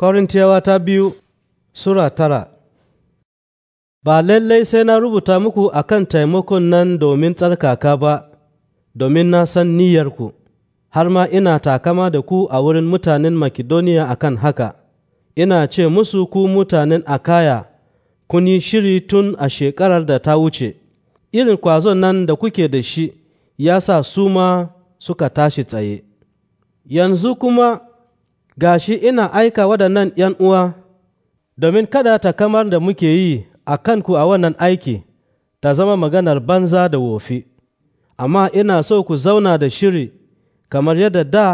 Korintiyawa ta biyu Sura tara Ba lallai sai na rubuta muku a kan taimakon nan domin tsarkaka ba, domin na san niyyarku, har ma ina takama da ku a wurin mutanen Makedoniya a kan haka, ina ce musu ku mutanen Akaya, kun yi shiri tun a shekarar da ta wuce, irin kwazon nan da kuke da shi ya sa su ma suka tashi tsaye. Yanzu kuma Ga shi ina aika waɗannan ‘yan uwa domin kada ta kamar da muke yi a kanku a wannan aiki ta zama maganar banza da wofi, amma ina so ku zauna da shiri kamar yadda da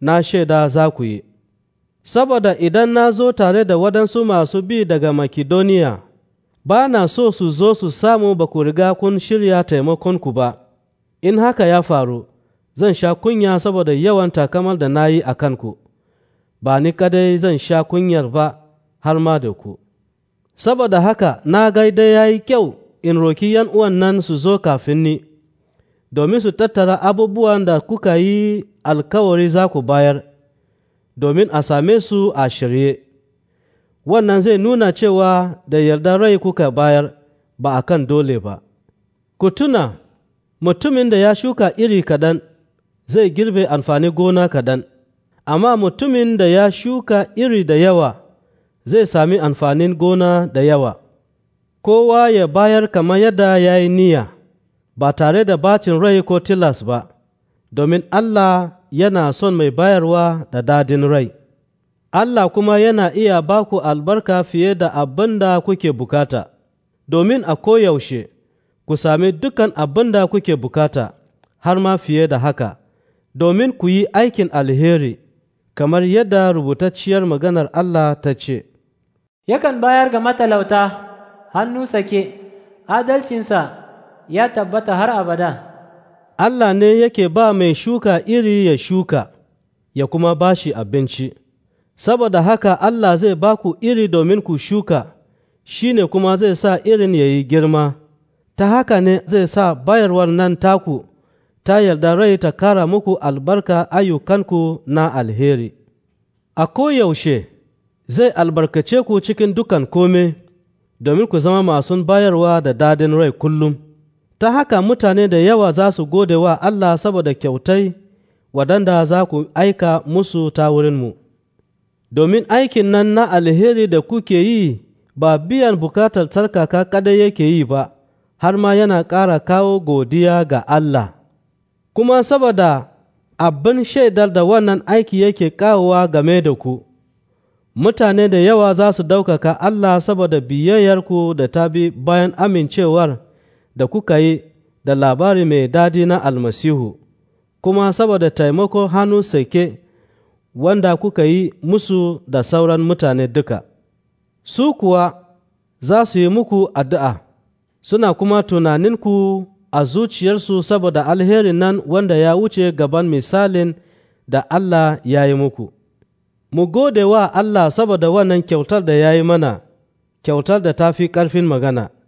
na shaida za ku yi. Saboda idan na zo tare da waɗansu masu bi daga Makedoniya, ba na so su zo su samu ba ku riga kun shirya taimakonku ba, in haka ya faru, zan sha kunya saboda yawan takamar da na yi a kanku. ba ni kadai zan sha kunyar ba har ma da ku. Saboda haka na gaida ya yi kyau in roki yan uwan nan su zo kafin ni, domin su tattara abubuwan da kuka yi alkawari za ku bayar, domin a same su a shirye. Wannan zai nuna cewa da yarda rai kuka bayar ba a kan dole ba. Ku tuna, mutumin da ya shuka iri kadan zai girbe amfani gona kadan. amma mutumin da ya shuka iri da yawa zai sami amfanin gona da yawa, kowa ya bayar kamar yadda ya yi niyya, ba tare da bacin rai ko tilas ba, domin Allah yana son mai bayarwa da dadin rai. Allah kuma yana iya ba ku albarka fiye da abin da kuke bukata, domin a koyaushe ku sami dukan abin da kuke bukata, har ma fiye da haka, domin ku yi aikin alheri. kamar yadda rubutacciyar maganar Allah ta ce, Yakan bayar ga matalauta hannu sake, adalcinsa ya tabbata har abada. Allah ne yake ba mai shuka iri ya shuka, ya kuma ba shi abinci, saboda haka Allah zai ba ku iri domin ku shuka, shi ne kuma zai sa irin ya yi girma, ta haka ne zai sa bayarwar nan taku, ta yarda rai ta kara muku albarka ayyukanku na alheri. a koyaushe zai albarkace ku cikin dukan kome domin ku zama masu bayarwa da dadin rai kullum, ta haka mutane da yawa za su gode wa Allah saboda kyautai waɗanda za ku aika musu ta wurinmu. Domin aikin nan na alheri da kuke yi ba biyan bukatar tsarkaka kadai yake yi ba, har ma yana ƙara kawo godiya ga Allah. Kuma saboda abin shaidar da wannan aiki yake kawowa game da ku, mutane da yawa za su ɗaukaka Allah saboda biyayyarku da ta bi bayan amincewar da kuka yi da labari mai dadi na almasihu, kuma saboda taimako hannu sake wanda kuka yi musu da sauran mutane duka. Su kuwa za su yi muku addu'a, suna kuma tunaninku a zuciyarsu saboda alherin nan wanda ya wuce gaban misalin da Allah ya yi muku. Mu gode wa Allah saboda wannan kyautar da ya yi mana, kyautar da ta fi ƙarfin magana.